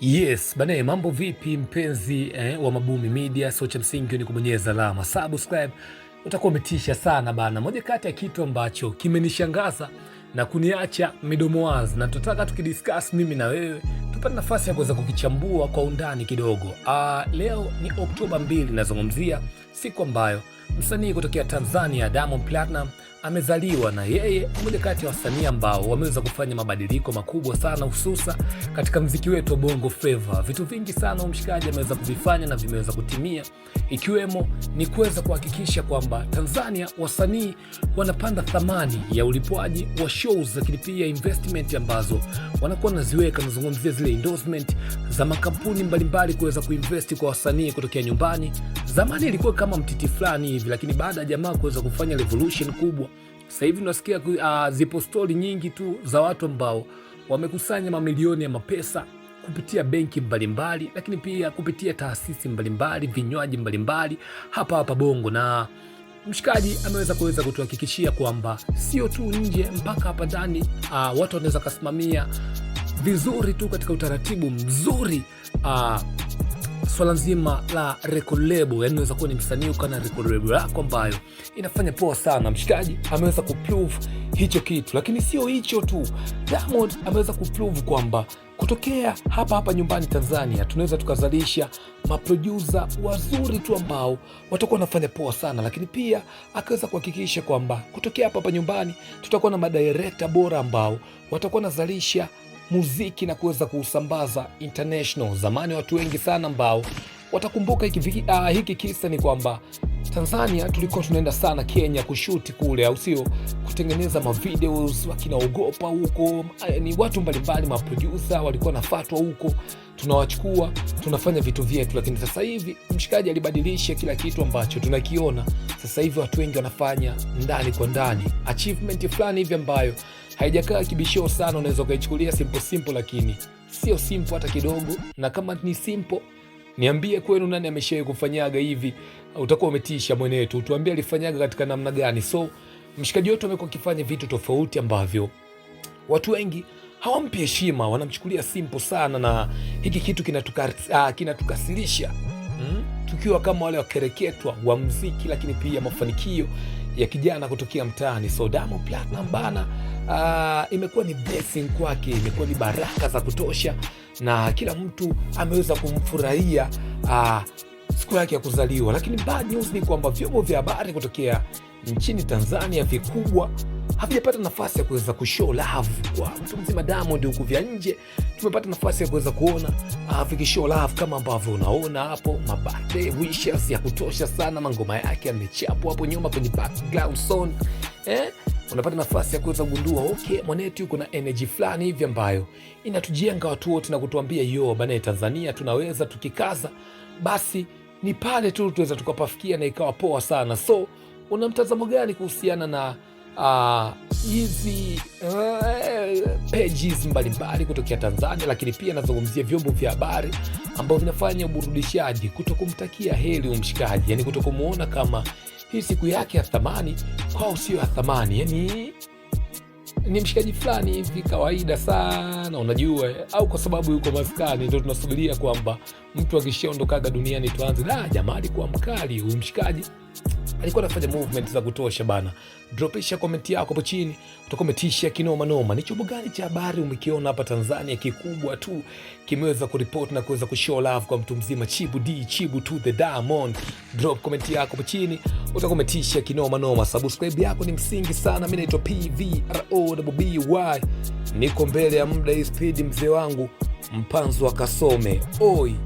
Yes bane, mambo vipi mpenzi eh, wa Mabumi Media. So cha msingi ni kubonyeza alama subscribe, utakuwa umetisha sana bana. Moja kati ya kitu ambacho kimenishangaza na kuniacha midomo wazi, na tutataka tukidiscuss mimi na wewe tupate nafasi ya kuweza kukichambua kwa undani kidogo. Uh, leo ni Oktoba 2 nazungumzia siku ambayo msanii kutokea Tanzania Diamond Platinum amezaliwa na yeye mmoja kati ya wasanii ambao wameweza kufanya mabadiliko makubwa sana, hususa katika mziki wetu wa Bongo Flava. Vitu vingi sana umshikaji ameweza kuvifanya na vimeweza kutimia, ikiwemo ni kuweza kuhakikisha kwamba Tanzania wasanii wanapanda thamani ya ulipwaji wa shows, lakini pia investment ambazo wanakuwa naziweka Nazungumzia zile endorsement za makampuni mbalimbali kuweza kuinvest kwa wasanii kutokea nyumbani. Zamani ilikuwa kama mtiti fulani hivi, lakini baada ya jamaa kuweza kufanya revolution kubwa, sasa hivi unasikia uh, zipo stori nyingi tu za watu ambao wamekusanya mamilioni ya mapesa kupitia benki mbalimbali, lakini pia kupitia taasisi mbalimbali, vinywaji mbalimbali hapa hapa Bongo na mshikaji ameweza kuweza kutuhakikishia kwamba sio tu nje mpaka hapa ndani, uh, watu wanaweza kasimamia vizuri tu katika utaratibu mzuri uh, swala nzima la record label, yani unaweza kuwa ni msanii ukawa na record label yako ambayo inafanya poa sana. Mshikaji ameweza kuprove hicho kitu, lakini sio hicho tu, Diamond ameweza kuprove kwamba kutokea hapa hapa nyumbani Tanzania tunaweza tukazalisha maprodusa wazuri tu ambao watakuwa wanafanya poa sana, lakini pia akaweza kuhakikisha kwamba kutokea hapa hapa nyumbani tutakuwa na madirekta bora ambao watakuwa wanazalisha muziki na kuweza kuusambaza international. Zamani watu wengi sana ambao watakumbuka hiki, uh, hiki kisa ni kwamba Tanzania tulikuwa tunaenda sana Kenya kushuti kule, au sio, kutengeneza mavideos wakinaogopa huko, ah, ni watu mbalimbali, maprodusa walikuwa nafatwa huko, tunawachukua tunafanya vitu vyetu. Lakini sasa hivi mshikaji alibadilisha kila kitu ambacho tunakiona sasa hivi, watu wengi wanafanya ndani kwa ndani achievement fulani hivi ambayo haijakaa kibishio sana, unaweza ukaichukulia simple simple, lakini sio simple hata kidogo. Na kama ni simple, niambie kwenu nani ameshawahi kufanyaga hivi, utakuwa umetisha mwenetu tu, tuambie alifanyaga katika namna gani. So mshikaji wetu amekuwa akifanya vitu tofauti ambavyo watu wengi hawampi heshima, wanamchukulia simple sana, na hiki kitu ah, kinatukasilisha uh, hmm? tukiwa kama wale wakereketwa wa mziki, lakini pia mafanikio ya kijana kutokea mtaani. So Diamond Platnumz bana, uh, imekuwa ni blessing kwake, imekuwa ni baraka za kutosha, na kila mtu ameweza kumfurahia uh, siku yake ya kuzaliwa. Lakini bad news ni kwamba vyombo vya habari kutokea nchini Tanzania vikubwa hatujapata nafasi ya kuweza kushow love kwa mtu mzima Diamond huku vya nje. Tumepata nafasi ya kuweza kuona ah, vikishow love kama ambavyo unaona hapo, mabate wishes ya kutosha sana, mangoma yake yamechapwa hapo nyuma kwenye background sound eh? Unapata nafasi ya kuweza kugundua okay, mwanetu yuko na energy fulani hivi ambayo inatujenga watu wote na kutuambia yo bana, Tanzania tunaweza tukikaza, basi ni pale tu tunaweza tukapafikia na ikawa poa sana. So una mtazamo gani kuhusiana na Ah, hizi uh, uh, pages mbalimbali kutokea Tanzania, lakini pia nazungumzia vyombo vya habari ambao vinafanya uburudishaji, kutokumtakia heri umshikaji, yani kutokumuona kama hii siku yake ya thamani kwao sio ya thamani, yani ni mshikaji fulani hivi kawaida sana, unajua, au kwa sababu yuko maskani, ndo tunasubiria kwamba mtu akishaondokaga duniani tuanze da, jamani, kwa mkali huyu mshikaji alikuwa anafanya movement za kutosha bana. Dropesha komenti yako hapo chini, utakuwa umetishia kinoma noma. Ni chombo gani cha habari umekiona hapa Tanzania kikubwa tu kimeweza kuripoti na kuweza kushow love kwa mtu mzima? Chibu D, Chibu to the Diamond. Drop komenti yako hapo chini, utakuwa kinoma noma. Subscribe yako ni msingi sana. Mimi naitwa PVROWBY, niko mbele ya muda, hii speed, mzee wangu mpanzo akasome oi.